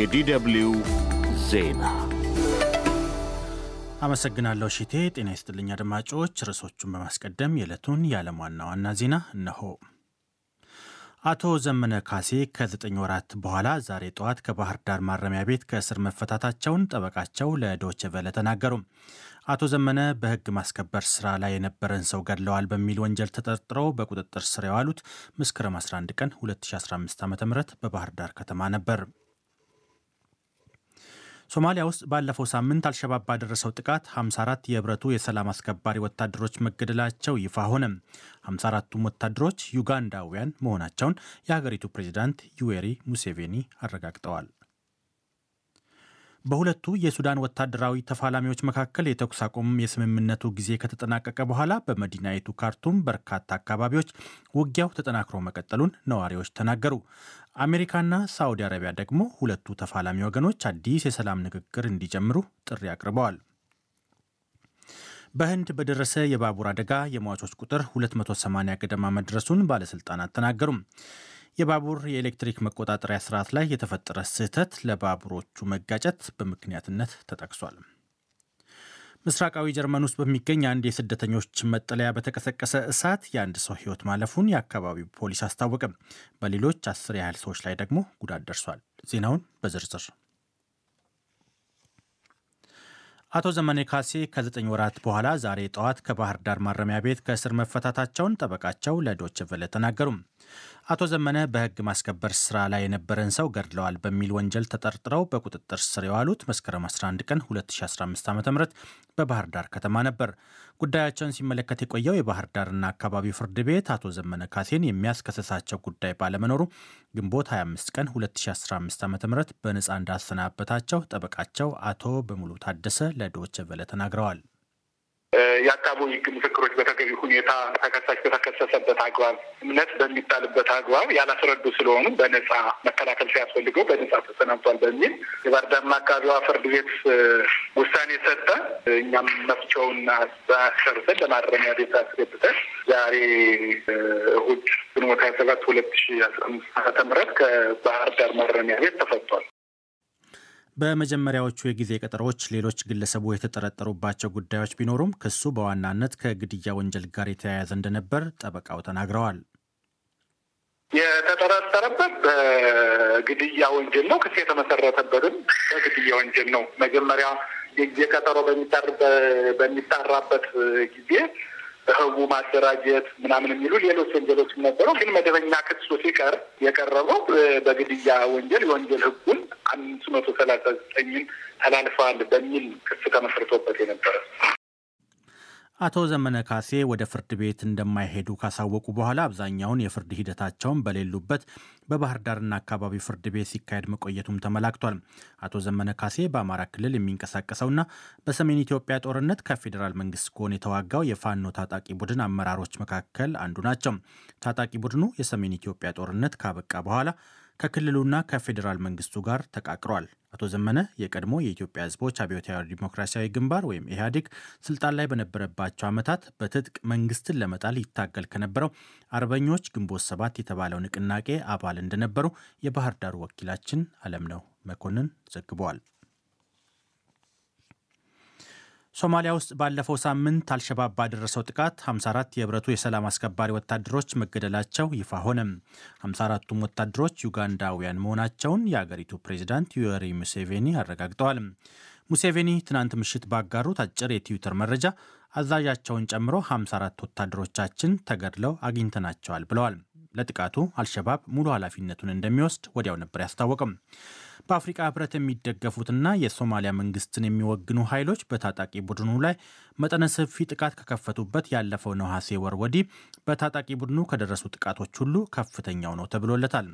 የዲደብሊው ዜና አመሰግናለሁ ሽቴ ጤና ይስጥልኝ አድማጮች። ርዕሶቹን በማስቀደም የዕለቱን የዓለም ዋና ዋና ዜና እነሆ። አቶ ዘመነ ካሴ ከዘጠኝ ወራት በኋላ ዛሬ ጠዋት ከባህር ዳር ማረሚያ ቤት ከእስር መፈታታቸውን ጠበቃቸው ለዶች ቬለ ተናገሩ። አቶ ዘመነ በህግ ማስከበር ስራ ላይ የነበረን ሰው ገድለዋል በሚል ወንጀል ተጠርጥረው በቁጥጥር ስር የዋሉት መስከረም 11 ቀን 2015 ዓ ም በባህር ዳር ከተማ ነበር። ሶማሊያ ውስጥ ባለፈው ሳምንት አልሸባብ ባደረሰው ጥቃት 54 የህብረቱ የሰላም አስከባሪ ወታደሮች መገደላቸው ይፋ ሆነ። 54ቱም ወታደሮች ዩጋንዳውያን መሆናቸውን የሀገሪቱ ፕሬዚዳንት ዩዌሪ ሙሴቬኒ አረጋግጠዋል። በሁለቱ የሱዳን ወታደራዊ ተፋላሚዎች መካከል የተኩስ አቁም የስምምነቱ ጊዜ ከተጠናቀቀ በኋላ በመዲናይቱ ካርቱም በርካታ አካባቢዎች ውጊያው ተጠናክሮ መቀጠሉን ነዋሪዎች ተናገሩ። አሜሪካና ሳዑዲ አረቢያ ደግሞ ሁለቱ ተፋላሚ ወገኖች አዲስ የሰላም ንግግር እንዲጀምሩ ጥሪ አቅርበዋል። በህንድ በደረሰ የባቡር አደጋ የሟቾች ቁጥር 280 ገደማ መድረሱን ባለስልጣናት ተናገሩም። የባቡር የኤሌክትሪክ መቆጣጠሪያ ስርዓት ላይ የተፈጠረ ስህተት ለባቡሮቹ መጋጨት በምክንያትነት ተጠቅሷል። ምስራቃዊ ጀርመን ውስጥ በሚገኝ አንድ የስደተኞች መጠለያ በተቀሰቀሰ እሳት የአንድ ሰው ሕይወት ማለፉን የአካባቢው ፖሊስ አስታወቀም። በሌሎች አስር ያህል ሰዎች ላይ ደግሞ ጉዳት ደርሷል። ዜናውን በዝርዝር አቶ ዘመኔ ካሴ ከዘጠኝ ወራት በኋላ ዛሬ ጠዋት ከባህር ዳር ማረሚያ ቤት ከእስር መፈታታቸውን ጠበቃቸው ለዶችቨለ ተናገሩም። አቶ ዘመነ በህግ ማስከበር ስራ ላይ የነበረን ሰው ገድለዋል በሚል ወንጀል ተጠርጥረው በቁጥጥር ስር የዋሉት መስከረም 11 ቀን 2015 ዓ ም በባህር ዳር ከተማ ነበር። ጉዳያቸውን ሲመለከት የቆየው የባህር ዳርና አካባቢው ፍርድ ቤት አቶ ዘመነ ካሴን የሚያስከሰሳቸው ጉዳይ ባለመኖሩ ግንቦት 25 ቀን 2015 ዓ ም በነፃ እንዳሰናበታቸው ጠበቃቸው አቶ በሙሉ ታደሰ ለዶይቼ ቬለ ተናግረዋል። የአካባቢ ህግ ምስክሮች በተገቢ ሁኔታ ተከሳሽ በተከሰሰበት አግባብ እምነት በሚጣልበት አግባብ ያላስረዱ ስለሆኑ በነጻ መከላከል ሲያስፈልገው በነጻ ተሰናብቷል በሚል የባህር አካባቢ አካባቢዋ ፍርድ ቤት ውሳኔ ሰጠ። እኛም መፍቻውን አሰርተን ለማረሚያ ቤት አስገብተን ዛሬ እሁድ ግንቦት ሀያ ሰባት ሁለት ሺ አስራ አምስት ዓመተ ምህረት ከባህር ዳር ማረሚያ ቤት ተፈቷል። በመጀመሪያዎቹ የጊዜ ቀጠሮዎች ሌሎች ግለሰቡ የተጠረጠሩባቸው ጉዳዮች ቢኖሩም ክሱ በዋናነት ከግድያ ወንጀል ጋር የተያያዘ እንደነበር ጠበቃው ተናግረዋል። የተጠረጠረበት በግድያ ወንጀል ነው። ክስ የተመሰረተበትም በግድያ ወንጀል ነው። መጀመሪያ የጊዜ ቀጠሮ በሚጠራበት ጊዜ በህቡ ማደራጀት ምናምን የሚሉ ሌሎች ወንጀሎችም ነበሩ። ግን መደበኛ ክሱ ሲቀር የቀረበው በግድያ ወንጀል የወንጀል ህጉን አምስት መቶ ሰላሳ ዘጠኝን ተላልፈዋል በሚል ክስ ተመስርቶበት የነበረ አቶ ዘመነ ካሴ ወደ ፍርድ ቤት እንደማይሄዱ ካሳወቁ በኋላ አብዛኛውን የፍርድ ሂደታቸውን በሌሉበት በባህር ዳርና አካባቢ ፍርድ ቤት ሲካሄድ መቆየቱም ተመላክቷል። አቶ ዘመነ ካሴ በአማራ ክልል የሚንቀሳቀሰውና በሰሜን ኢትዮጵያ ጦርነት ከፌዴራል መንግስት ጎን የተዋጋው የፋኖ ታጣቂ ቡድን አመራሮች መካከል አንዱ ናቸው። ታጣቂ ቡድኑ የሰሜን ኢትዮጵያ ጦርነት ካበቃ በኋላ ከክልሉና ከፌዴራል መንግስቱ ጋር ተቃቅሯል። አቶ ዘመነ የቀድሞ የኢትዮጵያ ሕዝቦች አብዮታዊ ዲሞክራሲያዊ ግንባር ወይም ኢህአዴግ ስልጣን ላይ በነበረባቸው ዓመታት በትጥቅ መንግስትን ለመጣል ይታገል ከነበረው አርበኞች ግንቦት ሰባት የተባለው ንቅናቄ አባል እንደነበሩ የባህር ዳር ወኪላችን አለም ነው መኮንን ዘግቧል። ሶማሊያ ውስጥ ባለፈው ሳምንት አልሸባብ ባደረሰው ጥቃት 54 የህብረቱ የሰላም አስከባሪ ወታደሮች መገደላቸው ይፋ ሆነ። 54ቱም ወታደሮች ዩጋንዳውያን መሆናቸውን የአገሪቱ ፕሬዚዳንት ዩዌሪ ሙሴቬኒ አረጋግጠዋል። ሙሴቬኒ ትናንት ምሽት ባጋሩት አጭር የትዊተር መረጃ አዛዣቸውን ጨምሮ 54 ወታደሮቻችን ተገድለው አግኝተናቸዋል ብለዋል። ለጥቃቱ አልሸባብ ሙሉ ኃላፊነቱን እንደሚወስድ ወዲያው ነበር ያስታወቅም። በአፍሪቃ ህብረት የሚደገፉትና የሶማሊያ መንግስትን የሚወግኑ ኃይሎች በታጣቂ ቡድኑ ላይ መጠነ ሰፊ ጥቃት ከከፈቱበት ያለፈው ነሐሴ ወር ወዲህ በታጣቂ ቡድኑ ከደረሱ ጥቃቶች ሁሉ ከፍተኛው ነው ተብሎለታል።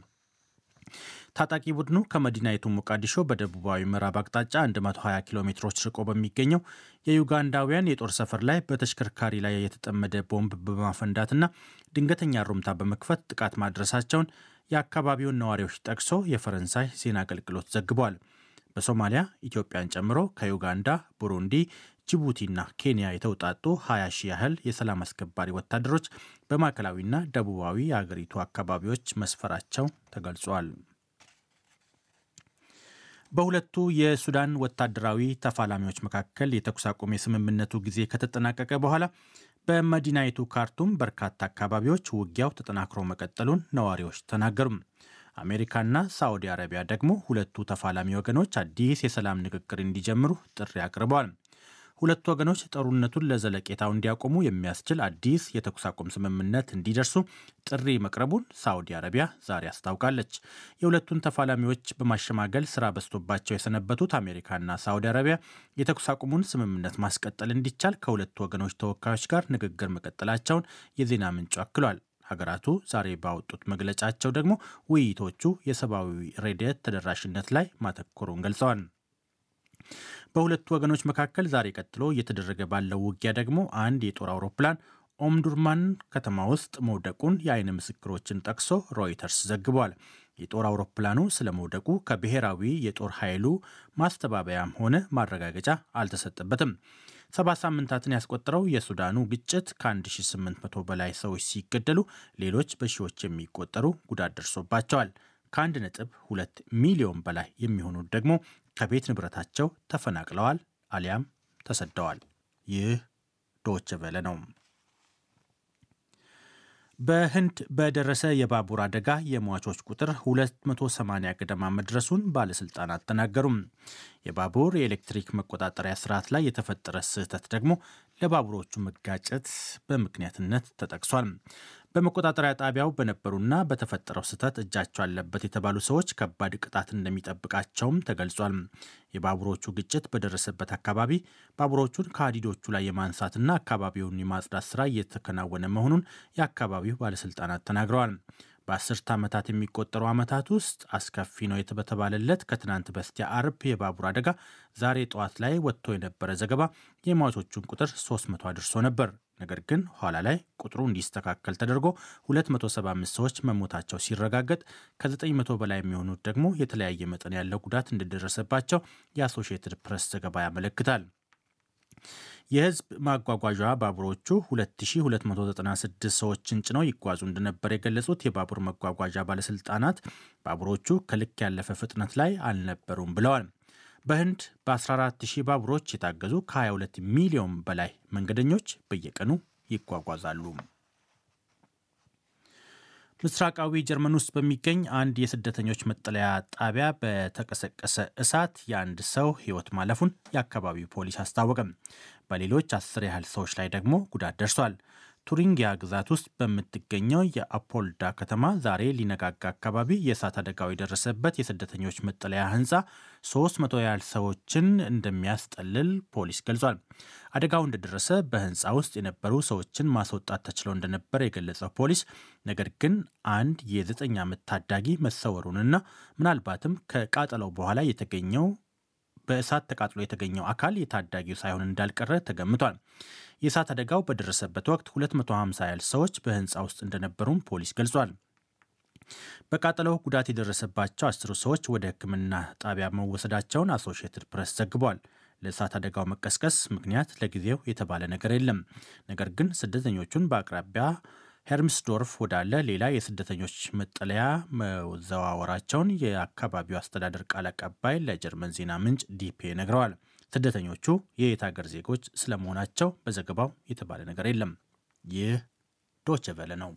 ታጣቂ ቡድኑ ከመዲናይቱ ሞቃዲሾ በደቡባዊ ምዕራብ አቅጣጫ 120 ኪሎ ሜትሮች ርቆ በሚገኘው የዩጋንዳውያን የጦር ሰፈር ላይ በተሽከርካሪ ላይ የተጠመደ ቦምብ በማፈንዳትና ድንገተኛ ሩምታ በመክፈት ጥቃት ማድረሳቸውን የአካባቢውን ነዋሪዎች ጠቅሶ የፈረንሳይ ዜና አገልግሎት ዘግቧል። በሶማሊያ ኢትዮጵያን ጨምሮ ከዩጋንዳ፣ ቡሩንዲ፣ ጅቡቲና ኬንያ የተውጣጡ 20 ሺህ ያህል የሰላም አስከባሪ ወታደሮች በማዕከላዊና ደቡባዊ የአገሪቱ አካባቢዎች መስፈራቸው ተገልጿል። በሁለቱ የሱዳን ወታደራዊ ተፋላሚዎች መካከል የተኩስ አቁም የስምምነቱ ጊዜ ከተጠናቀቀ በኋላ በመዲናይቱ ካርቱም በርካታ አካባቢዎች ውጊያው ተጠናክሮ መቀጠሉን ነዋሪዎች ተናገሩም። አሜሪካና ሳዑዲ አረቢያ ደግሞ ሁለቱ ተፋላሚ ወገኖች አዲስ የሰላም ንግግር እንዲጀምሩ ጥሪ አቅርበዋል። ሁለቱ ወገኖች ጦርነቱን ለዘለቄታው እንዲያቆሙ የሚያስችል አዲስ የተኩስ አቁም ስምምነት እንዲደርሱ ጥሪ መቅረቡን ሳዑዲ አረቢያ ዛሬ አስታውቃለች። የሁለቱን ተፋላሚዎች በማሸማገል ስራ በዝቶባቸው የሰነበቱት አሜሪካና ሳዑዲ አረቢያ የተኩስ አቁሙን ስምምነት ማስቀጠል እንዲቻል ከሁለቱ ወገኖች ተወካዮች ጋር ንግግር መቀጠላቸውን የዜና ምንጩ አክሏል። ሀገራቱ ዛሬ ባወጡት መግለጫቸው ደግሞ ውይይቶቹ የሰብአዊ ረድኤት ተደራሽነት ላይ ማተኮሩን ገልጸዋል። በሁለቱ ወገኖች መካከል ዛሬ ቀጥሎ እየተደረገ ባለው ውጊያ ደግሞ አንድ የጦር አውሮፕላን ኦምዱርማን ከተማ ውስጥ መውደቁን የአይን ምስክሮችን ጠቅሶ ሮይተርስ ዘግቧል። የጦር አውሮፕላኑ ስለ መውደቁ ከብሔራዊ የጦር ኃይሉ ማስተባበያም ሆነ ማረጋገጫ አልተሰጠበትም። ሰባት ሳምንታትን ያስቆጠረው የሱዳኑ ግጭት ከ1800 በላይ ሰዎች ሲገደሉ ሌሎች በሺዎች የሚቆጠሩ ጉዳት ደርሶባቸዋል። ከአንድ ነጥብ ሚሊዮን በላይ የሚሆኑት ደግሞ ከቤት ንብረታቸው ተፈናቅለዋል አሊያም ተሰደዋል። ይህ ዶች በለ ነው። በህንድ በደረሰ የባቡር አደጋ የሟቾች ቁጥር 280 ገደማ መድረሱን ባለሥልጣናት ተናገሩም። የባቡር የኤሌክትሪክ መቆጣጠሪያ ስርዓት ላይ የተፈጠረ ስህተት ደግሞ ለባቡሮቹ መጋጨት በምክንያትነት ተጠቅሷል። በመቆጣጠሪያ ጣቢያው በነበሩና በተፈጠረው ስህተት እጃቸው አለበት የተባሉ ሰዎች ከባድ ቅጣት እንደሚጠብቃቸውም ተገልጿል። የባቡሮቹ ግጭት በደረሰበት አካባቢ ባቡሮቹን ከሀዲዶቹ ላይ የማንሳትና አካባቢውን የማጽዳት ስራ እየተከናወነ መሆኑን የአካባቢው ባለስልጣናት ተናግረዋል። በአስርት ዓመታት የሚቆጠሩ ዓመታት ውስጥ አስከፊ ነው የተበተባለለት ከትናንት በስቲያ አርብ የባቡር አደጋ ዛሬ ጠዋት ላይ ወጥቶ የነበረ ዘገባ የሟቾቹን ቁጥር 300 አድርሶ ነበር። ነገር ግን ኋላ ላይ ቁጥሩ እንዲስተካከል ተደርጎ 275 ሰዎች መሞታቸው ሲረጋገጥ ከ900 በላይ የሚሆኑት ደግሞ የተለያየ መጠን ያለው ጉዳት እንደደረሰባቸው የአሶሽትድ ፕሬስ ዘገባ ያመለክታል። የህዝብ ማጓጓዣ ባቡሮቹ 2296 ሰዎችን ጭነው ይጓዙ እንደነበር የገለጹት የባቡር መጓጓዣ ባለስልጣናት ባቡሮቹ ከልክ ያለፈ ፍጥነት ላይ አልነበሩም ብለዋል። በህንድ በ14000 ባቡሮች የታገዙ ከ22 ሚሊዮን በላይ መንገደኞች በየቀኑ ይጓጓዛሉ። ምስራቃዊ ጀርመን ውስጥ በሚገኝ አንድ የስደተኞች መጠለያ ጣቢያ በተቀሰቀሰ እሳት የአንድ ሰው ህይወት ማለፉን የአካባቢው ፖሊስ አስታወቀም። በሌሎች አስር ያህል ሰዎች ላይ ደግሞ ጉዳት ደርሷል። ቱሪንጊያ ግዛት ውስጥ በምትገኘው የአፖልዳ ከተማ ዛሬ ሊነጋጋ አካባቢ የእሳት አደጋው የደረሰበት የስደተኞች መጠለያ ህንፃ 300 ያህል ሰዎችን እንደሚያስጠልል ፖሊስ ገልጿል። አደጋው እንደደረሰ በህንፃ ውስጥ የነበሩ ሰዎችን ማስወጣት ተችሎ እንደነበር የገለጸው ፖሊስ ነገር ግን አንድ የዘጠኝ ዓመት ታዳጊ መሰወሩንና ምናልባትም ከቃጠለው በኋላ የተገኘው በእሳት ተቃጥሎ የተገኘው አካል የታዳጊው ሳይሆን እንዳልቀረ ተገምቷል። የእሳት አደጋው በደረሰበት ወቅት 250 ያህል ሰዎች በህንፃ ውስጥ እንደነበሩም ፖሊስ ገልጿል። በቃጠለው ጉዳት የደረሰባቸው አስሩ ሰዎች ወደ ሕክምና ጣቢያ መወሰዳቸውን አሶሺየትድ ፕሬስ ዘግቧል። ለእሳት አደጋው መቀስቀስ ምክንያት ለጊዜው የተባለ ነገር የለም። ነገር ግን ስደተኞቹን በአቅራቢያ ሄርምስዶርፍ ወዳለ ሌላ የስደተኞች መጠለያ መዘዋወራቸውን የአካባቢው አስተዳደር ቃል አቀባይ ለጀርመን ዜና ምንጭ ዲፔ ነግረዋል። ስደተኞቹ የየት ሀገር ዜጎች ስለመሆናቸው በዘገባው የተባለ ነገር የለም። ይህ ዶቼ ቬለ ነው።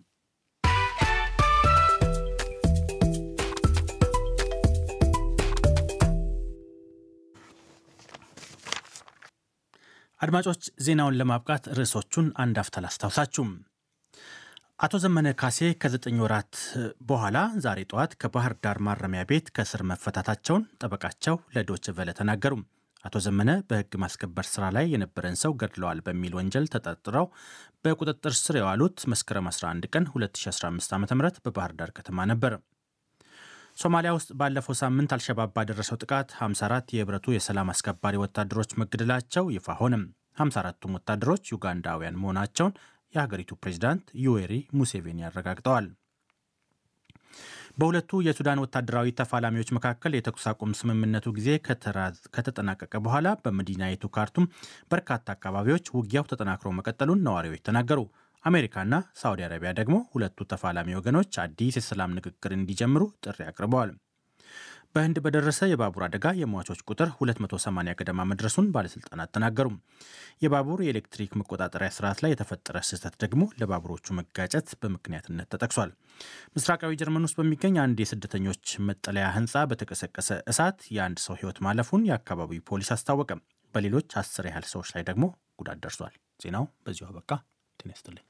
አድማጮች ዜናውን ለማብቃት ርዕሶቹን አንድ አፍታ አስታውሳችሁ? አቶ ዘመነ ካሴ ከዘጠኝ ወራት በኋላ ዛሬ ጠዋት ከባህር ዳር ማረሚያ ቤት ከስር መፈታታቸውን ጠበቃቸው ለዶች ቨለ ተናገሩ። አቶ ዘመነ በህግ ማስከበር ስራ ላይ የነበረን ሰው ገድለዋል በሚል ወንጀል ተጠርጥረው በቁጥጥር ስር የዋሉት መስከረም 11 ቀን 2015 ዓ ም በባህር ዳር ከተማ ነበር። ሶማሊያ ውስጥ ባለፈው ሳምንት አልሸባብ ባደረሰው ጥቃት 54 የህብረቱ የሰላም አስከባሪ ወታደሮች መገደላቸው ይፋ ሆነም። 54ቱም ወታደሮች ዩጋንዳውያን መሆናቸውን የሀገሪቱ ፕሬዚዳንት ዩዌሪ ሙሴቬኒ አረጋግጠዋል። በሁለቱ የሱዳን ወታደራዊ ተፋላሚዎች መካከል የተኩስ አቁም ስምምነቱ ጊዜ ከተጠናቀቀ በኋላ በመዲናይቱ ካርቱም በርካታ አካባቢዎች ውጊያው ተጠናክሮ መቀጠሉን ነዋሪዎች ተናገሩ። አሜሪካና ሳውዲ አረቢያ ደግሞ ሁለቱ ተፋላሚ ወገኖች አዲስ የሰላም ንግግር እንዲጀምሩ ጥሪ አቅርበዋል። በህንድ በደረሰ የባቡር አደጋ የሟቾች ቁጥር 280 ገደማ መድረሱን ባለስልጣናት ተናገሩ። የባቡር የኤሌክትሪክ መቆጣጠሪያ ስርዓት ላይ የተፈጠረ ስህተት ደግሞ ለባቡሮቹ መጋጨት በምክንያትነት ተጠቅሷል። ምስራቃዊ ጀርመን ውስጥ በሚገኝ አንድ የስደተኞች መጠለያ ህንፃ በተቀሰቀሰ እሳት የአንድ ሰው ህይወት ማለፉን የአካባቢው ፖሊስ አስታወቀ። በሌሎች አስር ያህል ሰዎች ላይ ደግሞ ጉዳት ደርሷል። ዜናው በዚሁ አበቃ። ጤና ይስጥልኝ።